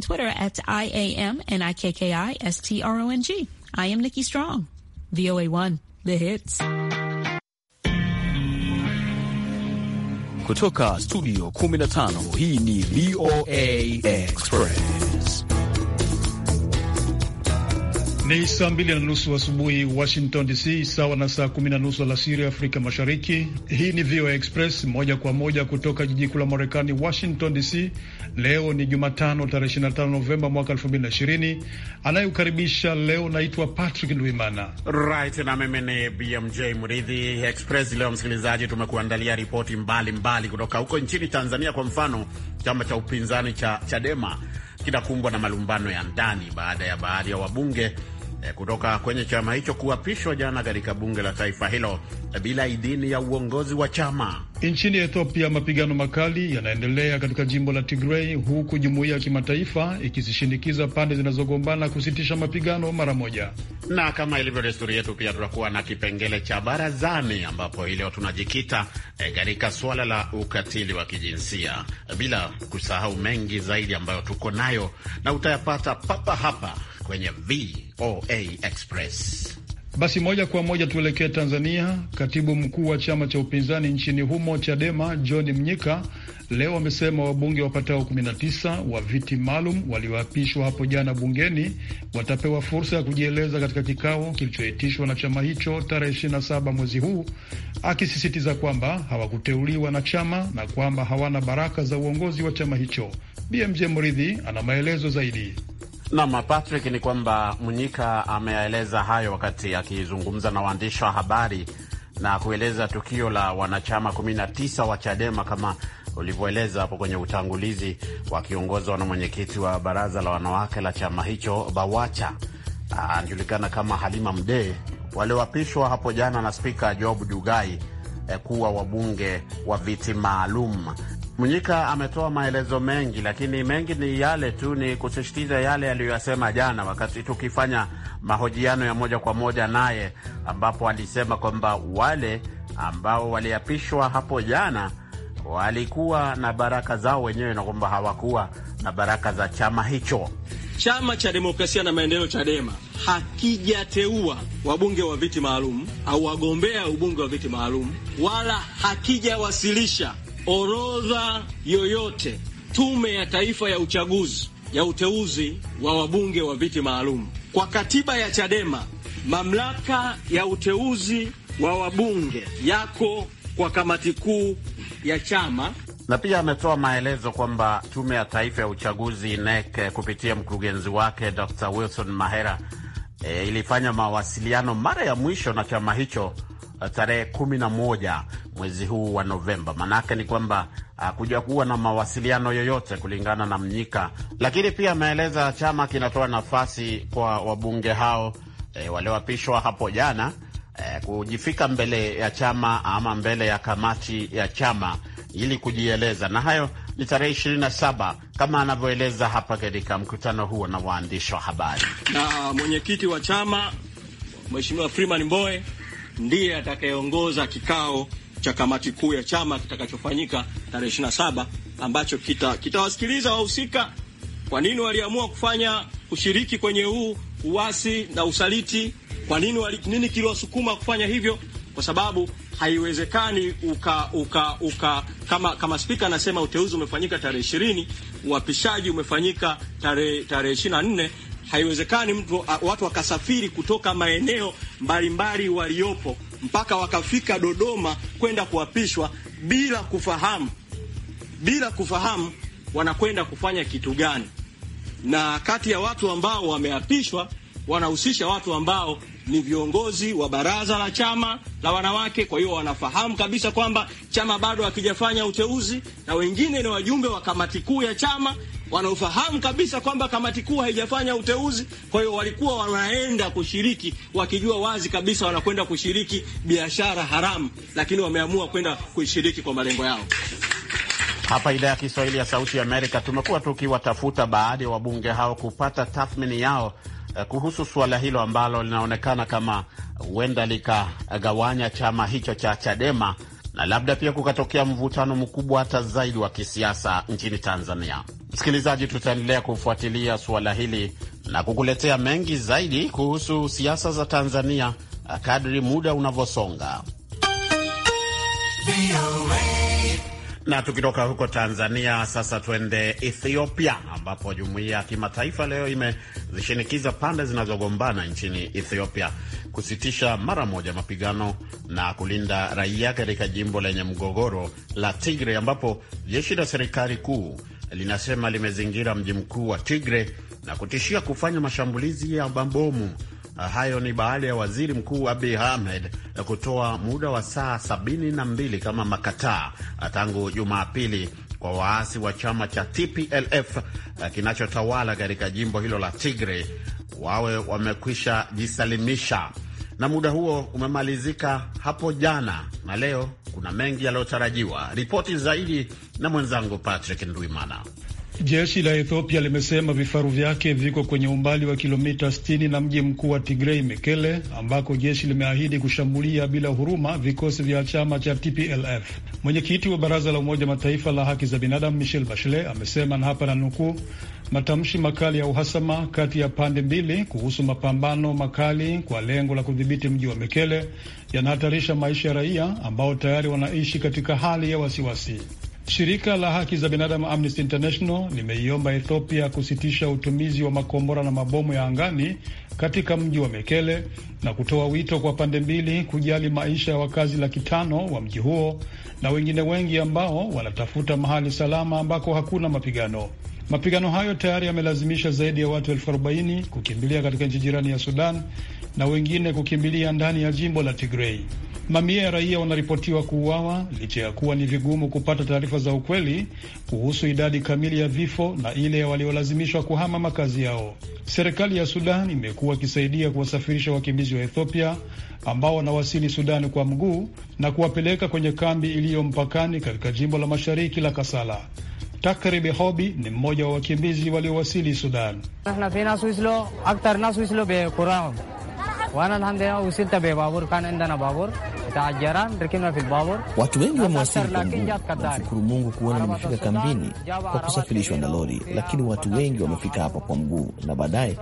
Twitter at I A M N I K K I S T R O N G. I am Nikki Strong. VOA1, the hits. Kutoka studio Kumina Tano. hii ni VOA Express. Ni saa mbili na nusu asubuhi wa Washington DC, sawa na saa kumi na nusu alasiri Afrika Mashariki. Hii ni VOA Express moja kwa moja kutoka jiji kuu la Marekani, Washington DC. Leo ni Jumatano, tarehe 25 Novemba mwaka 2020. Anayeukaribisha leo naitwa Patrick Ndwimana right, na mimi ni BMJ Mridhi. Express leo, msikilizaji, tumekuandalia ripoti mbalimbali kutoka huko nchini Tanzania. Kwa mfano, chama cha upinzani cha Chadema kinakumbwa na malumbano ya ndani baada ya baadhi ya wabunge Eh, kutoka kwenye chama hicho kuapishwa jana katika bunge la taifa hilo bila idhini ya uongozi wa chama. Nchini Ethiopia, mapigano makali yanaendelea katika jimbo la Tigrei, huku jumuiya ya kimataifa ikizishinikiza pande zinazogombana kusitisha mapigano mara moja. Na kama ilivyo desturi yetu, pia tutakuwa na kipengele cha barazani, ambapo hii leo tunajikita eh, katika e, suala la ukatili wa kijinsia, bila kusahau mengi zaidi ambayo tuko nayo na utayapata papa hapa kwenye VOA Express. Basi moja kwa moja tuelekee Tanzania. Katibu mkuu wa chama cha upinzani nchini humo Chadema, John Mnyika, leo amesema wabunge wapatao 19 wa viti maalum walioapishwa hapo jana bungeni watapewa fursa ya kujieleza katika kikao kilichoitishwa na chama hicho tarehe 27 mwezi huu, akisisitiza kwamba hawakuteuliwa na chama na kwamba hawana baraka za uongozi wa chama hicho. BMJ Mridhi ana maelezo zaidi. Nam Patrick, ni kwamba Mnyika ameeleza hayo wakati akizungumza na waandishi wa habari na kueleza tukio la wanachama 19 wa Chadema kama ulivyoeleza hapo kwenye utangulizi, wakiongozwa na mwenyekiti wa baraza la wanawake la chama hicho BAWACHA anajulikana kama Halima Mdee, walioapishwa hapo jana na Spika Job Dugai eh, kuwa wabunge wa viti maalum Mnyika ametoa maelezo mengi, lakini mengi ni yale tu, ni kusisitiza yale aliyoyasema jana wakati tukifanya mahojiano ya moja kwa moja naye, ambapo alisema kwamba wale ambao waliapishwa hapo jana walikuwa na baraka zao wenyewe na kwamba hawakuwa na baraka za chama hicho. Chama cha Demokrasia na Maendeleo, CHADEMA, hakijateua wabunge wa viti maalum au wagombea ubunge wa viti maalum, wala hakijawasilisha orodha yoyote Tume ya Taifa ya Uchaguzi ya uteuzi wa wabunge wa viti maalum. Kwa katiba ya Chadema, mamlaka ya uteuzi wa wabunge yako kwa kamati kuu ya chama na pia ametoa maelezo kwamba tume ya taifa ya uchaguzi nek kupitia mkurugenzi wake Dr Wilson Mahera e, ilifanya mawasiliano mara ya mwisho na chama hicho Eh, tarehe kumi na moja mwezi huu wa Novemba. Maanake ni kwamba hakuja ah, kuwa na mawasiliano yoyote kulingana na Mnyika, lakini pia ameeleza chama kinatoa nafasi kwa wabunge hao e, eh, walioapishwa hapo jana e, kujifika mbele ya chama ama mbele ya kamati ya chama ili kujieleza, na hayo ni tarehe saba kama anavyoeleza hapa katika mkutano huo na waandishi wa habari. Na mwenyekiti wa chama Mheshimiwa Freeman Mbowe ndiye atakayeongoza kikao cha kamati kuu ya chama kitakachofanyika tarehe 27 ambacho kitawasikiliza kita wahusika, kwa nini waliamua kufanya ushiriki kwenye huu uasi na usaliti, kwa nini wali, nini kiliwasukuma kufanya hivyo, kwa sababu haiwezekani uka, uka, uka, kama, kama spika anasema uteuzi umefanyika tarehe ishirini, uapishaji umefanyika tarehe tarehe ishirini na nne haiwezekani mtu watu wakasafiri kutoka maeneo mbalimbali waliopo mpaka wakafika Dodoma kwenda kuapishwa bila kufahamu bila kufahamu wanakwenda kufanya kitu gani. Na kati ya watu ambao wameapishwa wanahusisha watu ambao ni viongozi wa baraza la chama la wanawake, kwa hiyo wanafahamu kabisa kwamba chama bado hakijafanya uteuzi, na wengine ni wajumbe wa kamati kuu ya chama wanaofahamu kabisa kwamba kamati kuu haijafanya uteuzi. Kwa hiyo walikuwa wanaenda kushiriki wakijua wazi kabisa wanakwenda kushiriki biashara haramu, lakini wameamua kwenda kuishiriki kwa malengo yao. Hapa idhaa ya Kiswahili ya Sauti ya Amerika tumekuwa tukiwatafuta baadhi ya wabunge hao kupata tathmini yao Eh, kuhusu suala hilo ambalo linaonekana kama huenda likagawanya chama hicho cha Chadema na labda pia kukatokea mvutano mkubwa hata zaidi wa kisiasa nchini Tanzania. Msikilizaji, tutaendelea kufuatilia suala hili na kukuletea mengi zaidi kuhusu siasa za Tanzania eh, kadri muda unavyosonga. Na tukitoka huko Tanzania sasa tuende Ethiopia, ambapo jumuiya ya kimataifa leo imezishinikiza pande zinazogombana nchini Ethiopia kusitisha mara moja mapigano na kulinda raia katika jimbo lenye mgogoro la Tigre, ambapo jeshi la serikali kuu linasema limezingira mji mkuu wa Tigre na kutishia kufanya mashambulizi ya mabomu Ah, hayo ni baada ya waziri mkuu Abi Ahmed kutoa muda wa saa sabini na mbili kama makataa ah, tangu Jumapili kwa waasi wa chama cha TPLF ah, kinachotawala katika jimbo hilo la Tigre wawe wamekwisha jisalimisha, na muda huo umemalizika hapo jana, na leo kuna mengi yaliyotarajiwa. Ripoti zaidi na mwenzangu Patrick Ndwimana. Jeshi la Ethiopia limesema vifaru vyake viko kwenye umbali wa kilomita 60 na mji mkuu wa Tigrei, Mekele, ambako jeshi limeahidi kushambulia bila huruma vikosi vya chama cha TPLF. Mwenyekiti wa baraza la Umoja Mataifa la haki za binadamu michel Bachelet amesema, na hapa na nukuu, matamshi makali ya uhasama kati ya pande mbili kuhusu mapambano makali kwa lengo la kudhibiti mji wa Mekele yanahatarisha maisha ya raia ambao tayari wanaishi katika hali ya wasiwasi wasi. Shirika la haki za binadamu Amnesty International limeiomba Ethiopia kusitisha utumizi wa makombora na mabomu ya angani katika mji wa Mekele na kutoa wito kwa pande mbili kujali maisha ya wakazi laki tano wa mji huo na wengine wengi ambao wanatafuta mahali salama ambako hakuna mapigano. Mapigano hayo tayari yamelazimisha zaidi ya watu elfu arobaini kukimbilia katika nchi jirani ya Sudan na wengine kukimbilia ndani ya jimbo la Tigrei. Mamia ya raia wanaripotiwa kuuawa licha ya kuwa ni vigumu kupata taarifa za ukweli kuhusu idadi kamili ya vifo na ile ya waliolazimishwa kuhama makazi yao. Serikali ya Sudan imekuwa ikisaidia kuwasafirisha wakimbizi wa Ethiopia ambao wanawasili Sudani kwa mguu na kuwapeleka kwenye kambi iliyo mpakani katika jimbo la mashariki la Kasala. Takribi Hobi ni mmoja wa wakimbizi waliowasili Sudan. Watu wengi wamewasili kwa mguu, wamshukuru Mungu kuona nimefika kambini kwa kusafirishwa na lori, lakini watu wengi wamefika hapa kwa mguu. Na baadaye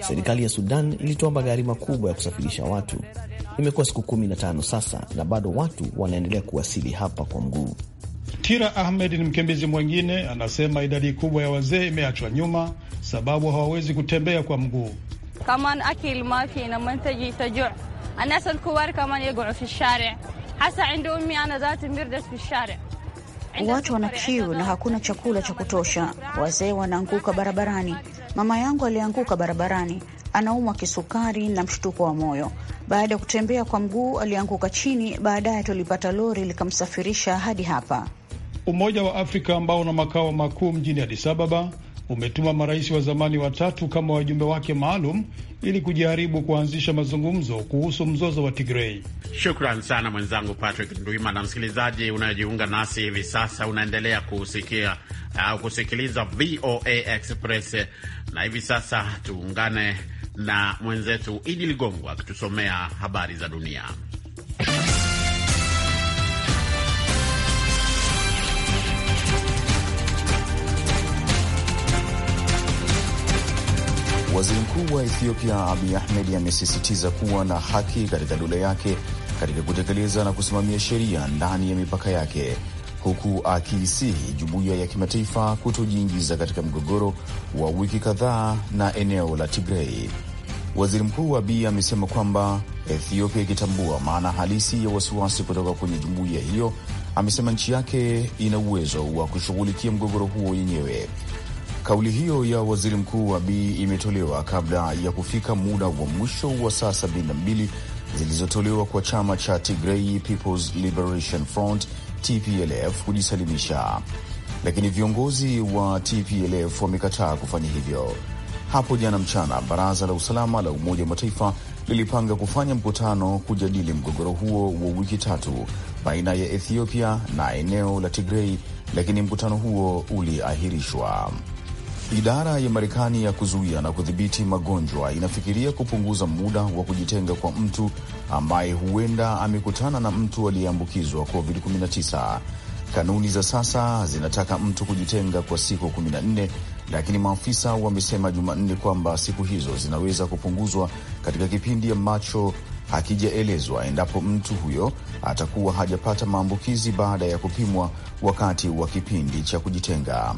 serikali ya Sudan ilitoa magari makubwa ya kusafirisha watu. Imekuwa siku kumi na tano sasa, na bado watu wanaendelea kuwasili hapa kwa mguu. Tira Ahmed ni mkimbizi mwingine, anasema idadi kubwa ya wazee imeachwa nyuma sababu hawawezi kutembea kwa mguu. كمان أكل ما في لما تجي تجوع الناس الكبار كمان يقعوا في الشارع hasa عند mimi ana ذات mirdas في الشارع watu wana kiu na hakuna chakula cha kutosha. Wazee wanaanguka barabarani. Mama yangu alianguka barabarani, anaumwa kisukari na mshtuko wa moyo. Baada ya kutembea kwa mguu alianguka chini, baadaye tulipata lori likamsafirisha hadi hapa. Umoja wa Afrika ambao una makao makuu mjini Addis Ababa umetuma marais wa zamani watatu kama wajumbe wake maalum ili kujaribu kuanzisha mazungumzo kuhusu mzozo wa Tigrei. Shukran sana mwenzangu Patrick Ndwima. Na msikilizaji unayojiunga nasi hivi sasa, unaendelea kusikia au uh, kusikiliza VOA Express, na hivi sasa tuungane na mwenzetu Idi Ligongo akitusomea habari za dunia. Waziri mkuu wa Ethiopia abi Ahmed amesisitiza kuwa na haki katika dola yake katika kutekeleza na kusimamia sheria ndani ya mipaka yake huku akiisihi jumuiya ya kimataifa kutojiingiza katika mgogoro wa wiki kadhaa na eneo la Tigrei. Waziri Mkuu Abiy amesema kwamba Ethiopia ikitambua maana halisi ya wasiwasi kutoka kwenye jumuiya hiyo, amesema nchi yake ina uwezo wa kushughulikia mgogoro huo yenyewe. Kauli hiyo ya waziri mkuu wa Abiy imetolewa kabla ya kufika muda wa mwisho wa saa 72 zilizotolewa kwa chama cha Tigray People's Liberation Front TPLF kujisalimisha, lakini viongozi wa TPLF wamekataa kufanya hivyo. Hapo jana mchana, baraza la usalama la Umoja wa Mataifa lilipanga kufanya mkutano kujadili mgogoro huo wa wiki tatu baina ya Ethiopia na eneo la Tigrei, lakini mkutano huo uliahirishwa. Idara ya Marekani ya kuzuia na kudhibiti magonjwa inafikiria kupunguza muda wa kujitenga kwa mtu ambaye huenda amekutana na mtu aliyeambukizwa COVID-19. Kanuni za sasa zinataka mtu kujitenga kwa siku 14, lakini maafisa wamesema Jumanne kwamba siku hizo zinaweza kupunguzwa katika kipindi ambacho hakijaelezwa endapo mtu huyo atakuwa hajapata maambukizi baada ya kupimwa wakati wa kipindi cha kujitenga.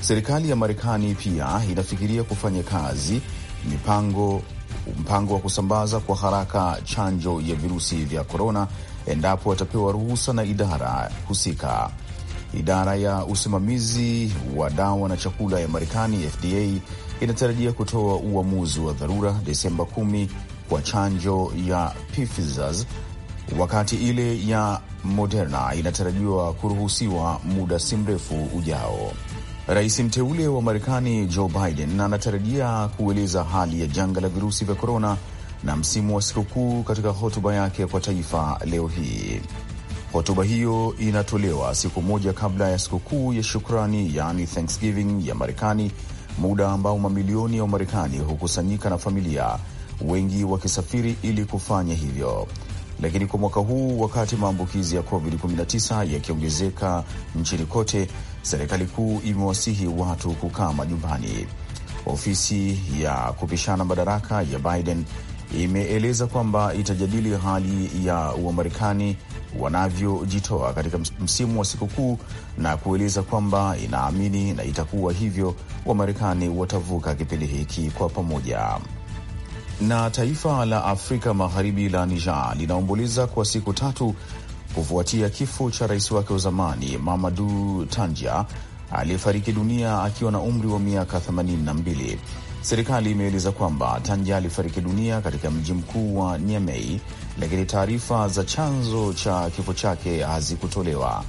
Serikali ya Marekani pia inafikiria kufanya kazi mipango mpango wa kusambaza kwa haraka chanjo ya virusi vya korona endapo watapewa ruhusa na idara husika. Idara ya usimamizi wa dawa na chakula ya Marekani, FDA, inatarajia kutoa uamuzi wa dharura Desemba 10 kwa chanjo ya Pfizer, wakati ile ya Moderna inatarajiwa kuruhusiwa muda si mrefu ujao. Rais mteule wa Marekani Joe Biden anatarajia kueleza hali ya janga la virusi vya korona na msimu wa sikukuu katika hotuba yake kwa taifa leo hii. Hotuba hiyo inatolewa siku moja kabla ya sikukuu ya shukrani, yaani Thanksgiving ya Marekani, muda ambao mamilioni ya Wamarekani hukusanyika na familia, wengi wakisafiri ili kufanya hivyo. Lakini kwa mwaka huu, wakati maambukizi ya COVID-19 yakiongezeka nchini kote, serikali kuu imewasihi watu kukaa majumbani. Ofisi ya kupishana madaraka ya Biden imeeleza kwamba itajadili hali ya Wamarekani wanavyojitoa katika msimu wa sikukuu na kueleza kwamba inaamini na itakuwa hivyo, Wamarekani watavuka kipindi hiki kwa pamoja. Na taifa la Afrika Magharibi la Niger linaomboleza kwa siku tatu kufuatia kifo cha rais wake wa zamani Mamadu Tanja aliyefariki dunia akiwa na umri wa miaka 82. Serikali imeeleza kwamba Tanja alifariki dunia katika mji mkuu wa niamei lakini taarifa za chanzo cha kifo chake hazikutolewa.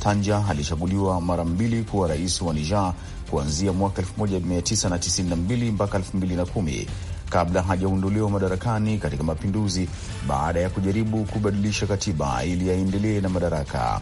Tanja alichaguliwa mara mbili kuwa rais wa Niger kuanzia mwaka 1992 mpaka 2010 kabla hajaunduliwa madarakani katika mapinduzi baada ya kujaribu kubadilisha katiba ili yaendelee na madaraka.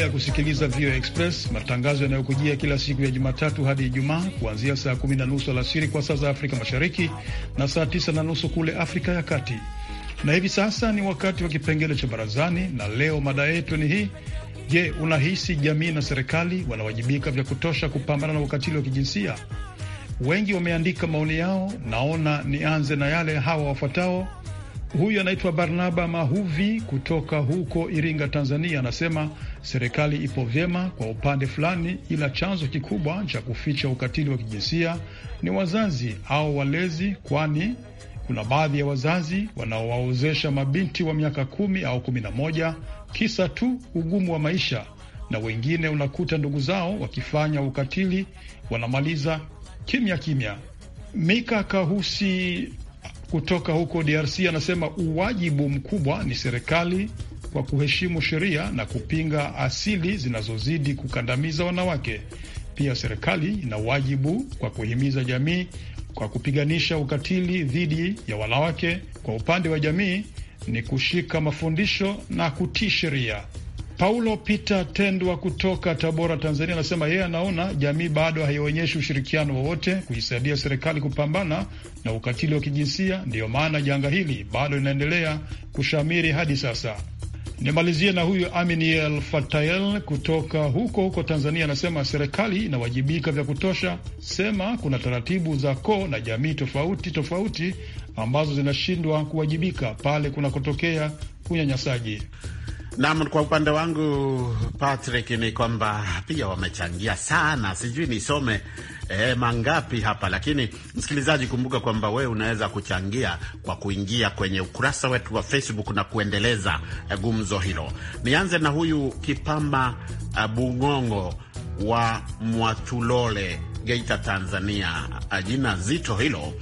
Unaendelea kusikiliza VOA Express, matangazo yanayokujia kila siku ya Jumatatu hadi Ijumaa kuanzia saa kumi na nusu alasiri kwa saa za Afrika Mashariki na saa tisa na nusu kule Afrika ya Kati. Na hivi sasa ni wakati wa kipengele cha Barazani, na leo mada yetu ni hii: Je, unahisi jamii na serikali wanawajibika vya kutosha kupambana na ukatili wa kijinsia? Wengi wameandika maoni yao. Naona nianze na yale hawa wafuatao. Huyu anaitwa Barnaba Mahuvi kutoka huko Iringa, Tanzania. Anasema serikali ipo vyema kwa upande fulani, ila chanzo kikubwa cha kuficha ukatili wa kijinsia ni wazazi au walezi, kwani kuna baadhi ya wazazi wanaowaozesha mabinti wa miaka kumi au kumi na moja kisa tu ugumu wa maisha, na wengine unakuta ndugu zao wakifanya ukatili, wanamaliza kimya kimya. Mika Kahusi kutoka huko DRC anasema uwajibu mkubwa ni serikali kwa kuheshimu sheria na kupinga asili zinazozidi kukandamiza wanawake. Pia serikali ina wajibu kwa kuhimiza jamii kwa kupiganisha ukatili dhidi ya wanawake. Kwa upande wa jamii ni kushika mafundisho na kutii sheria. Paulo Peter Tendwa kutoka Tabora, Tanzania, anasema yeye anaona jamii bado haionyeshi ushirikiano wowote kuisaidia serikali kupambana na ukatili wa kijinsia, ndiyo maana janga hili bado linaendelea kushamiri hadi sasa. Nimalizie na huyu Aminiel Fatael kutoka huko huko Tanzania, anasema serikali inawajibika vya kutosha, sema kuna taratibu za koo na jamii tofauti tofauti ambazo zinashindwa kuwajibika pale kunakotokea unyanyasaji. Naam, kwa upande wangu Patrick, ni kwamba pia wamechangia sana, sijui nisome E, mangapi hapa, lakini msikilizaji, kumbuka kwamba wewe unaweza kuchangia kwa kuingia kwenye ukurasa wetu wa Facebook na kuendeleza eh, gumzo hilo. Nianze na huyu Kipamba eh, Bung'ong'o wa Mwatulole, Geita, Tanzania. Jina zito hilo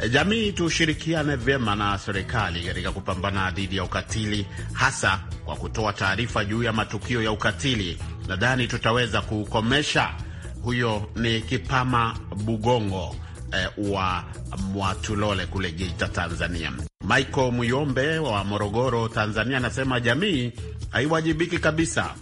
E, jamii tushirikiane vyema na serikali katika kupambana dhidi ya ukatili, hasa kwa kutoa taarifa juu ya matukio ya ukatili. Nadhani tutaweza kukomesha. Huyo ni Kipama Bugongo eh, wa Mwatulole kule Geita, Tanzania. Michael Muyombe wa Morogoro, Tanzania, anasema jamii haiwajibiki kabisa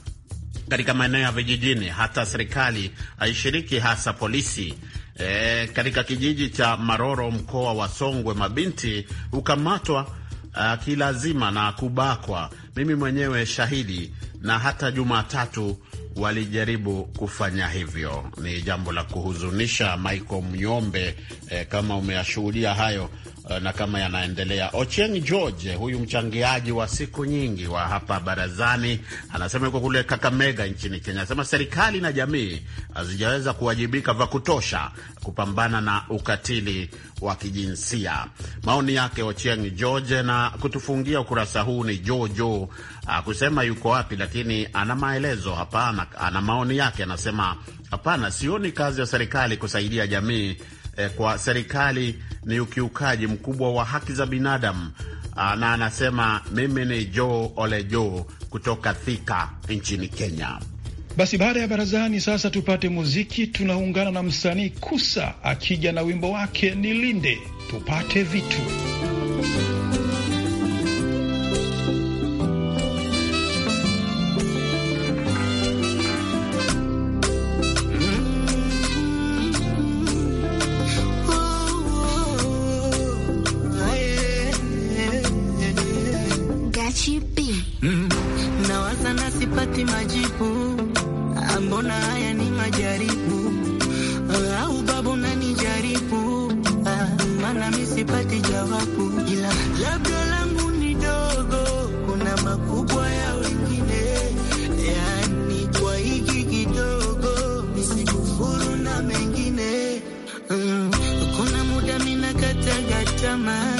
katika maeneo ya vijijini, hata serikali haishiriki, hasa polisi. E, katika kijiji cha Maroro mkoa wa Songwe mabinti hukamatwa uh, kilazima na kubakwa. Mimi mwenyewe shahidi, na hata Jumatatu walijaribu kufanya hivyo. Ni jambo la kuhuzunisha, Michael Mnyombe, eh, kama umeyashuhudia hayo eh, na kama yanaendelea. ochen George, huyu mchangiaji wa siku nyingi wa hapa barazani, anasema yuko kule Kakamega nchini Kenya, anasema serikali na jamii hazijaweza kuwajibika vya kutosha kupambana na ukatili wa kijinsia. Maoni yake ochen George, na kutufungia ukurasa huu ni Jojo Hakusema ah, yuko wapi, lakini ana maelezo hapa, ana, ana maoni yake. Anasema hapana, sioni kazi ya serikali kusaidia jamii eh, kwa serikali ni ukiukaji mkubwa wa haki za binadamu. Ah, na anasema mimi ni Joe Ole Joe kutoka Thika nchini Kenya. Basi baada ya barazani, sasa tupate muziki. Tunaungana na msanii Kusa akija na wimbo wake Nilinde, tupate vitu zaman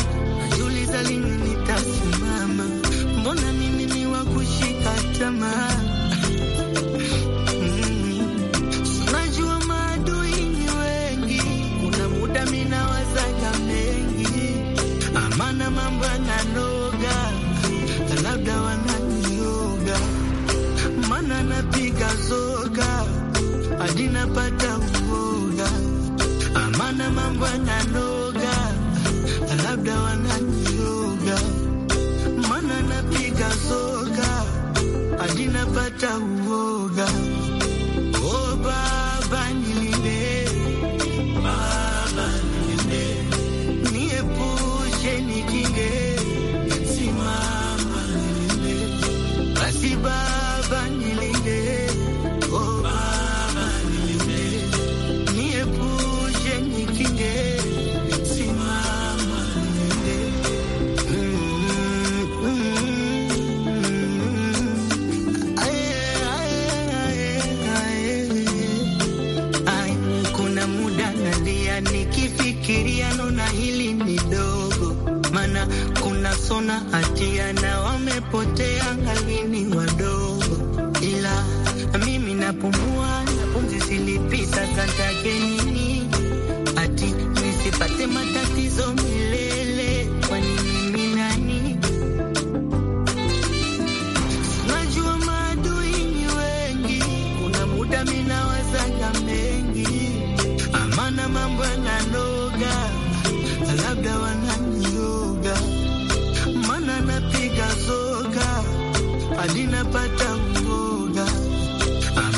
Chao.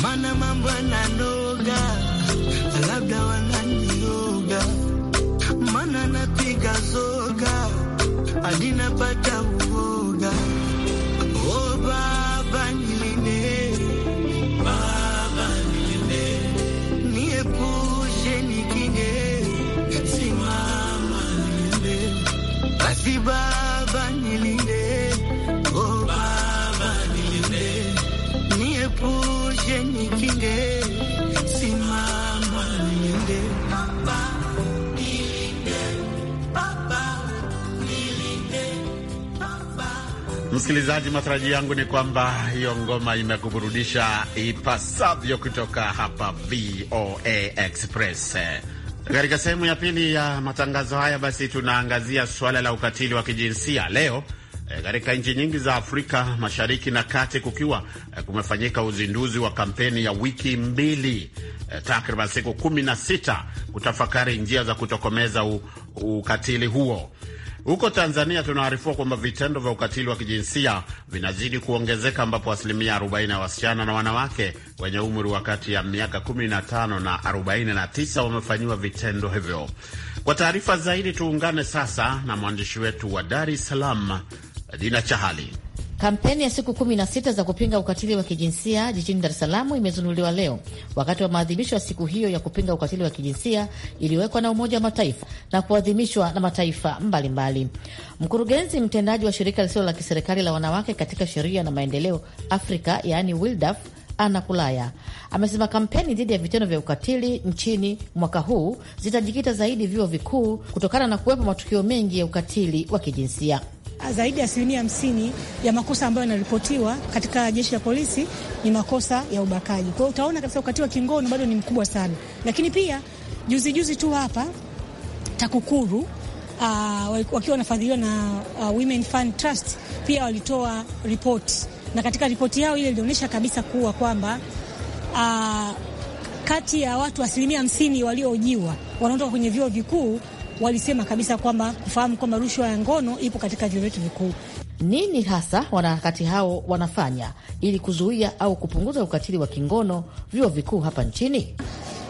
Mana mambo na no Msikilizaji, matarajio yangu ni kwamba hiyo ngoma imekuburudisha ipasavyo kutoka hapa VOA Express. Katika sehemu ya pili ya matangazo haya, basi tunaangazia suala la ukatili wa kijinsia leo eh, katika nchi nyingi za Afrika Mashariki na Kati kukiwa eh, kumefanyika uzinduzi wa kampeni ya wiki mbili eh, takriban siku kumi na sita kutafakari njia za kutokomeza u, ukatili huo. Huko Tanzania tunaarifiwa kwamba vitendo vya ukatili wa kijinsia vinazidi kuongezeka ambapo asilimia 40 ya wasichana na wanawake wenye umri wa kati ya miaka 15 na 49 wamefanyiwa vitendo hivyo. Kwa taarifa zaidi tuungane sasa na mwandishi wetu wa Dar es Salaam, Dina Chahali. Kampeni ya siku kumi na sita za kupinga ukatili wa kijinsia jijini Dar es Salaam imezinduliwa leo wakati wa maadhimisho ya siku hiyo ya kupinga ukatili wa kijinsia iliyowekwa na Umoja wa Mataifa na kuadhimishwa na mataifa mbalimbali. Mkurugenzi mtendaji wa shirika lisilo la kiserikali la wanawake katika sheria na maendeleo Afrika, yaani WILDAF, Ana Kulaya amesema kampeni dhidi ya vitendo vya ukatili nchini mwaka huu zitajikita zaidi vyuo vikuu kutokana na kuwepo matukio mengi ya ukatili wa kijinsia zaidi ya asilimia hamsini ya makosa ambayo yanaripotiwa katika jeshi la polisi ni makosa ya ubakaji. Kwa hiyo utaona kabisa ukatili wa kingono bado ni mkubwa sana, lakini pia juzijuzi juzi tu hapa TAKUKURU uh, wakiwa wanafadhiliwa na uh, Women Fund Trust pia walitoa ripoti, na katika ripoti yao ile ilionyesha kabisa kuwa kwamba uh, kati ya watu asilimia hamsini waliojiwa wanaotoka kwenye vyuo vikuu walisema kabisa kwamba kufahamu kwamba rushwa ya ngono ipo katika vyuo vyetu vikuu. Nini hasa wanaharakati hao wanafanya ili kuzuia au kupunguza ukatili wa kingono vyuo vikuu hapa nchini?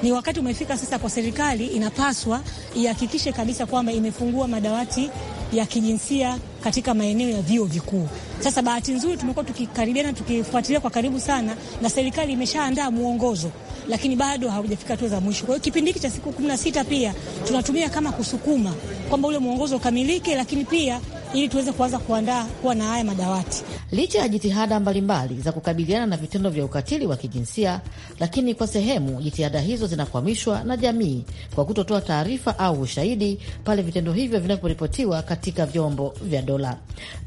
Ni wakati umefika sasa kwa serikali, inapaswa ihakikishe kabisa kwamba imefungua madawati ya kijinsia katika maeneo ya vyuo vikuu. Sasa bahati nzuri tumekuwa tukikaribiana, tukifuatilia kwa karibu sana, na serikali imeshaandaa mwongozo lakini bado haujafika hatua za mwisho. Kwa hiyo kipindi hiki cha siku kumi na sita pia tunatumia kama kusukuma kwamba ule mwongozo ukamilike, lakini pia ili tuweze kuanza kuandaa kuwa na haya madawati. Licha ya jitihada mbalimbali za kukabiliana na vitendo vya ukatili wa kijinsia, lakini kwa sehemu jitihada hizo zinakwamishwa na jamii kwa kutotoa taarifa au ushahidi pale vitendo hivyo vinavyoripotiwa katika vyombo vya dola.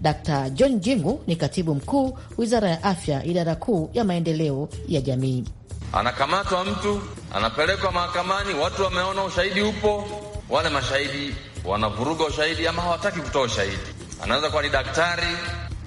Dr John Jingu ni katibu mkuu Wizara ya Afya, idara kuu ya maendeleo ya jamii. Anakamatwa mtu anapelekwa mahakamani, watu wameona ushahidi upo, wale mashahidi wanavuruga ushahidi ama hawataki kutoa ushahidi. Anaweza kuwa ni daktari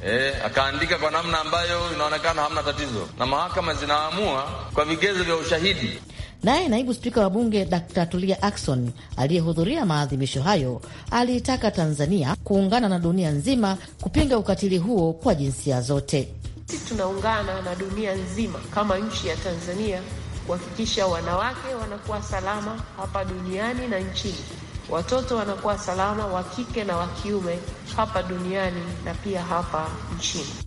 eh, akaandika kwa namna ambayo inaonekana hamna tatizo, na mahakama zinaamua kwa vigezo vya ushahidi. Naye naibu spika wa bunge Dkt Tulia akson aliyehudhuria maadhimisho hayo aliitaka Tanzania kuungana na dunia nzima kupinga ukatili huo kwa jinsia zote. Sisi tunaungana na dunia nzima kama nchi ya Tanzania kuhakikisha wanawake wanakuwa salama hapa duniani na nchini, watoto wanakuwa salama wa kike na wa kiume hapa duniani na pia hapa nchini.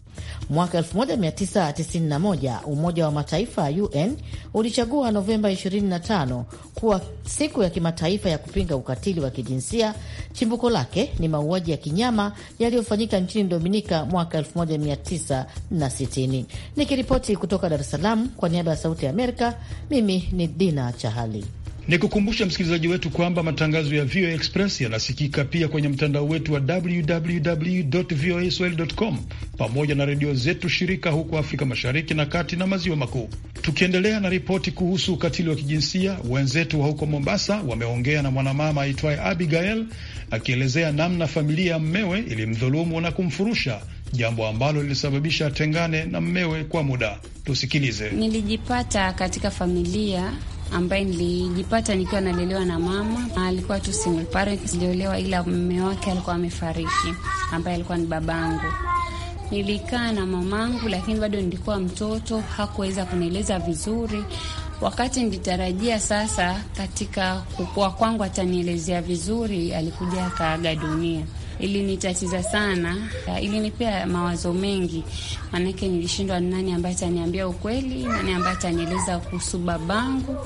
Mwaka 1991 Umoja wa Mataifa UN ulichagua Novemba 25 kuwa siku ya kimataifa ya kupinga ukatili wa kijinsia. Chimbuko lake ni mauaji ya kinyama yaliyofanyika nchini Dominika mwaka 1960. Nikiripoti kutoka Dar es Salaam kwa niaba ya Sauti ya Amerika, mimi ni Dina Chahali ni kukumbusha msikilizaji wetu kwamba matangazo ya VOA Express yanasikika pia kwenye mtandao wetu wa www voa swahili com pamoja na redio zetu shirika huko Afrika Mashariki na kati na maziwa makuu. Tukiendelea na ripoti kuhusu ukatili wa kijinsia, wenzetu wa huko Mombasa wameongea na mwanamama aitwaye Abigail akielezea namna familia ya mmewe ilimdhulumu na kumfurusha, jambo ambalo lilisababisha atengane na mmewe kwa muda. Tusikilize. Nilijipata katika familia ambaye nilijipata nikiwa nalelewa na mama. Alikuwa tu single parent, sijaolewa, ila mume wake alikuwa amefariki, ambaye alikuwa ni babangu. Nilikaa na mamangu, lakini bado nilikuwa mtoto, hakuweza kunieleza vizuri. Wakati nilitarajia sasa katika kukua kwangu atanielezea vizuri, alikuja akaaga dunia ilinitatiza sana, uh, ilinipea mawazo mengi, maanake nilishindwa ni nani ambaye ataniambia ukweli, nani ambaye atanieleza kuhusu babangu,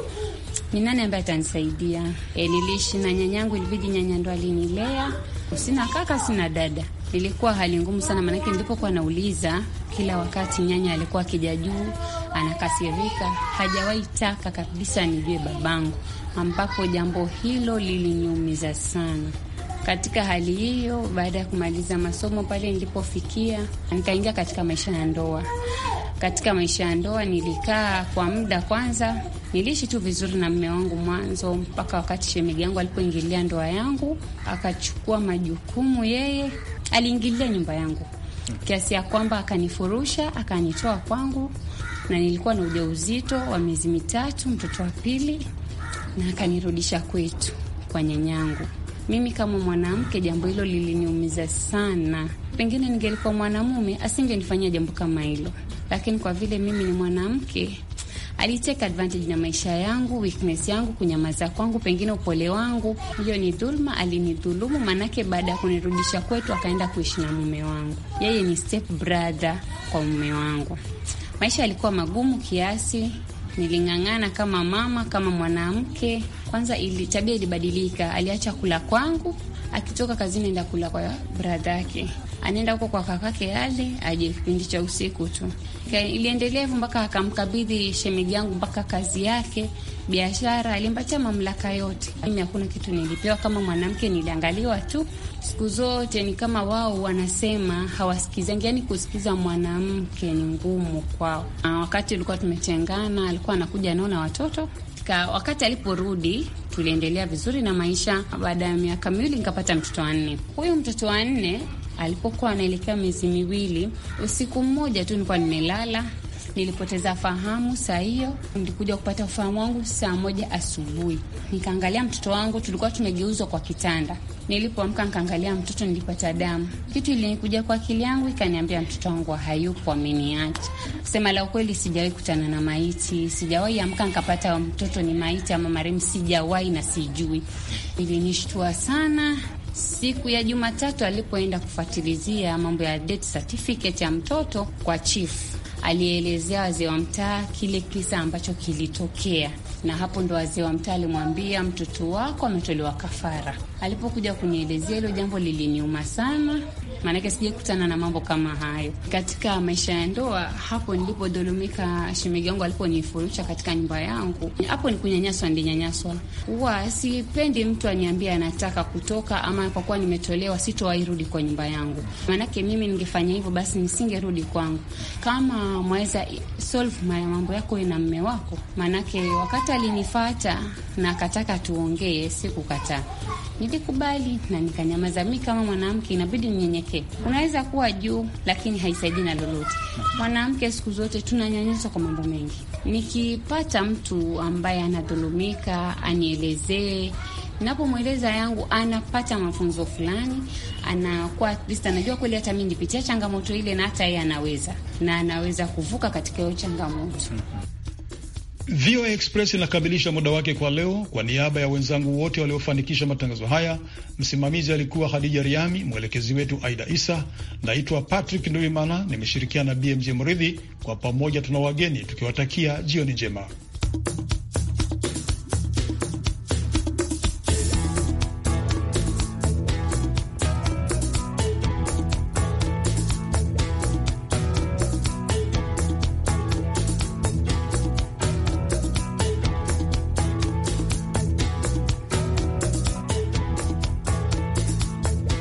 ni nani ambaye atanisaidia. E, niliishi na nyanyangu, ilibidi nyanya ndo alinilea. Sina kaka, sina dada. Ilikuwa hali ngumu sana, maanake nilipokuwa nauliza kila wakati, nyanya alikuwa akija juu anakasirika, hajawahi taka kabisa nijue babangu, ambapo jambo hilo liliniumiza sana. Katika hali hiyo, baada ya kumaliza masomo pale nilipofikia, nikaingia katika maisha ya ndoa. Katika maisha ya ndoa nilikaa kwa muda kwanza, niliishi tu vizuri na mme wangu mwanzo, mpaka wakati shemegi yangu alipoingilia ndoa yangu, akachukua majukumu yeye. Aliingilia nyumba yangu kiasi ya kwamba akanifurusha, akanitoa kwangu, na nilikuwa na ujauzito wa miezi mitatu, mtoto wa pili, na akanirudisha kwetu kwa nyanyangu. Mimi kama mwanamke, jambo hilo liliniumiza sana. Pengine ningelikuwa mwanamume asingenifanyia jambo kama hilo, lakini kwa vile mimi ni mwanamke alitake advantage na maisha yangu, weakness yangu, kunyamaza kwangu, pengine upole wangu. Hiyo ni dhulma, alinidhulumu. Maanake baada ya kunirudisha kwetu, akaenda kuishi na mume wangu. Yeye ni step brother kwa mume wangu. Maisha yalikuwa magumu kiasi, niling'ang'ana kama mama, kama mwanamke. Kwanza ili tabia ilibadilika, aliacha kula kwangu, akitoka kazini enda kula kwa bradhake yake, anaenda huko kwa kakake yale aje kipindi cha usiku tu. Iliendelea hivyo mpaka akamkabidhi shemeji yangu mpaka kazi yake biashara, alimpatia mamlaka yote. Mimi hakuna kitu nilipewa kama mwanamke, niliangaliwa tu siku zote. Ni kama wao wanasema hawasikizangi, yani kusikiza mwanamke ni ngumu kwao. Wakati ulikuwa tumetengana, alikuwa anakuja anaona watoto Ka, wakati aliporudi tuliendelea vizuri na maisha. Baada ya miaka miwili nikapata mtoto wa nne. Huyu mtoto wa nne alipokuwa anaelekea miezi miwili, usiku mmoja tu nilikuwa nimelala Nilipoteza fahamu saa hiyo. Nilikuja kupata ufahamu wangu saa moja asubuhi, nikaangalia mtoto wangu, tulikuwa tumegeuzwa kwa kitanda. Nilipoamka nikaangalia mtoto, nilipata damu. Kitu ilinikuja kwa akili yangu, ikaniambia mtoto wangu hayupo, ameniacha. Kusema la ukweli, sijawahi kutana na maiti, sijawahi amka nikapata mtoto ni maiti ama marehemu, sijawahi na sijui. Ilinishtua sana. Siku ya Jumatatu alipoenda kufuatilizia mambo ya death certificate ya mtoto kwa chifu alielezea wazee wa mtaa kile kisa ambacho kilitokea na hapo ndo wazee wa mtaa alimwambia mtoto wako ametolewa kafara. Alipokuja kunielezea hilo jambo liliniuma sana, maanake sijakutana na mambo kama hayo katika maisha ya ndoa. Hapo nilipodhulumika, shemeji yangu aliponifurusha katika nyumba yangu, hapo ni kunyanyaswa, ndinyanyaswa. Huwa sipendi mtu aniambie anataka kutoka ama kwa kuwa nimetolewa sitowahi kwa nyumba yangu, maanake mimi ningefanya hivyo basi nisingerudi kwangu. Kama mwaweza solve mambo yako na mme wako, maanake wakati Dokta alinifata na akataka tuongee, sikukataa. Nilikubali na nikanyamaza. Mi kama mwanamke inabidi ninyenyekee. Unaweza kuwa juu, lakini haisaidii na lolote. Mwanamke siku zote tunanyanyaswa kwa mambo mengi. Nikipata mtu ambaye anadhulumika anielezee, napomweleza yangu anapata mafunzo fulani, anakuwa at least anajua kweli, hata mi nipitia changamoto ile, na hata yeye anaweza na anaweza kuvuka katika hiyo changamoto. VOA Express inakamilisha muda wake kwa leo. Kwa niaba ya wenzangu wote waliofanikisha matangazo haya, msimamizi alikuwa Hadija Riami, mwelekezi wetu Aida Isa. Naitwa Patrick Nduimana, nimeshirikiana na BMJ Mridhi. Kwa pamoja tuna wageni tukiwatakia jioni njema.